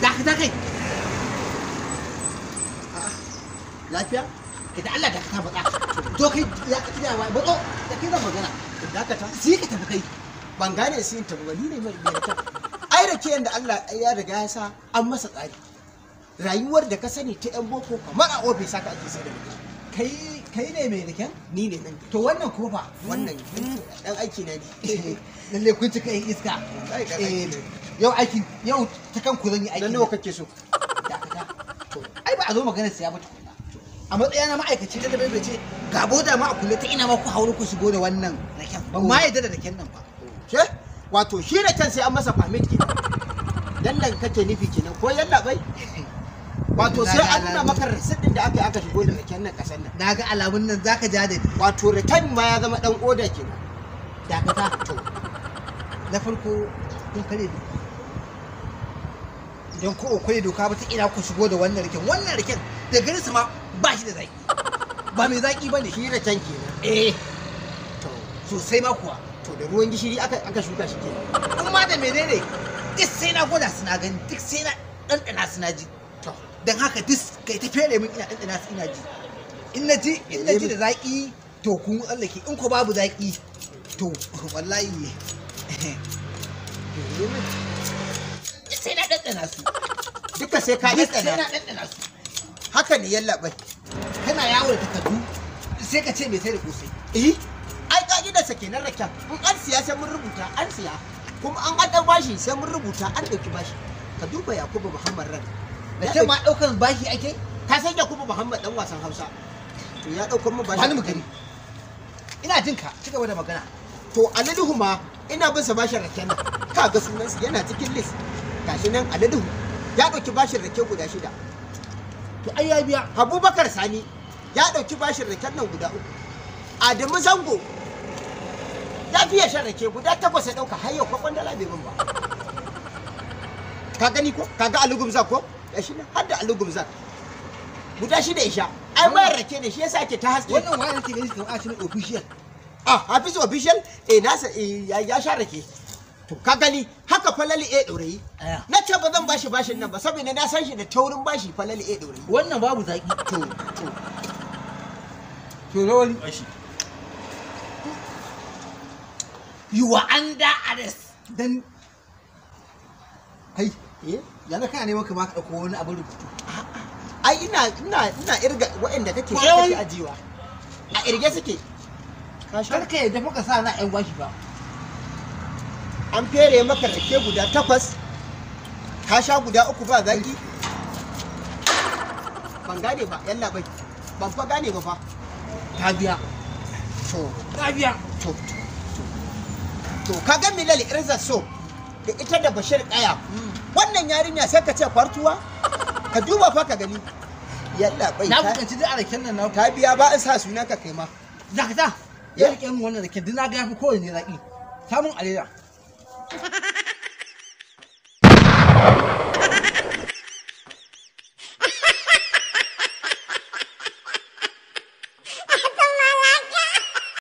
dakata kai lafiya ka da Allah dakata faɗa to kai ya ka tsaya wa bato da kai zan magana ta sai ka tafi kai ban gane sai ta tafi ba ni ne mai ta ai da kiyan da Allah ya riga ya sa an masa tsari rayuwar da ka sani ta yan boko kamar a ofis haka ake sai da kai kai ne mai riken ni ne nan to wannan kofa mm. wannan dan mm. aiki na ne lalle kun cika yin iska eh, yau aiki yau ta kan ku zan yi aiki lalle wa kake so to ai ba a zo magana siya ba tukuna a matsayin na ma'aikaci da bai ce ga boda ma a kulle ta ina ma ku hauro ku shigo da wannan raken ba ma yadda da raken nan ba ke wato shi raken sai an masa permit kenan dan nan kake nufi kenan ko yalla bai wato sai an nuna maka rasit da aka aka shigo da kyan nan kasar nan na ga alamun nan zaka ja da wato return ma ya zama dan oda kenan dakata to na farko kun kare doka idan ko kare doka ba ta ina ku shigo da wannan rikin wannan rikin da garinsa ma ba shi da zaki ba mai zaki ne, shi da can kenan eh to sosai ma kuwa to da ruwan gishiri aka aka shuka shi kenan kuma da menene duk sai na gwada suna gani duk sai na ɗanɗana suna ji don haka dis kai ta fere min ina ɗanɗana su ina ji in na ji in na ji da zaƙi to kun tsallake in ko babu zaƙi to wallahi ne sai na ɗanɗana su duka sai ka ɗanɗana su haka ne yalla bai kana yawo da takardu sai ka ce mai sai da kosai eh ai sa kenan raken in an siya sai mun rubuta an siya kuma an haɗa bashi sai mun rubuta an ɗauki bashi ka duba yakubu muhammad ran da ce ma daukan bashi ake ka san ya kuma muhammad dan wasan hausa to ya daukar mu bashi wani mugari ina jin ka ci gaba da magana to aladuhu ma ina bin sa bashin raken nan ka ga sunan su yana cikin list gashi nan aladuhu ya dauki bashin rake guda shida to ai ya biya abubakar sani ya dauki bashin raken nan guda uku adamu zango ya fiye shan rake guda takwas ya dauka har yau kwakwan dala bai bin ba ka gani ko ka ga alugum ko gashi nan har da alugum zan guda shi da isha ai ba rake ne shi yasa ake ta haske wannan wayar ke ne kamar ashin official ah hafiz official eh nasa eh, ya sha rake to ka gani haka falali e ɗorayi na ce ba zan bashi bashin nan ba saboda na san shi da taurin bashi falali e ɗorayi wannan babu zaki to to to rawali you are under arrest dan kai eh yanzu kana neman ka ka dauko wani abin rubutu ai ina ina ina irga waɗanda kake kake ajiwa a irge suke kar ka yadda muka sa na yan gwashi ba an fere maka rake guda takwas ka sha guda uku ba zaki ban gane ba yalla bai ban fa gane ba fa ta biya to ta biya to to to kaga milal irza so da ita da bashir kaya wannan yarinya sai ka ce kwartuwa ka duba fa ka gani yalla bai na bukanci da araken nan na ta biya ba in sa suna ka kai ma ka za ya rike mu wannan da ke na ga fi kowanne zaki samun alera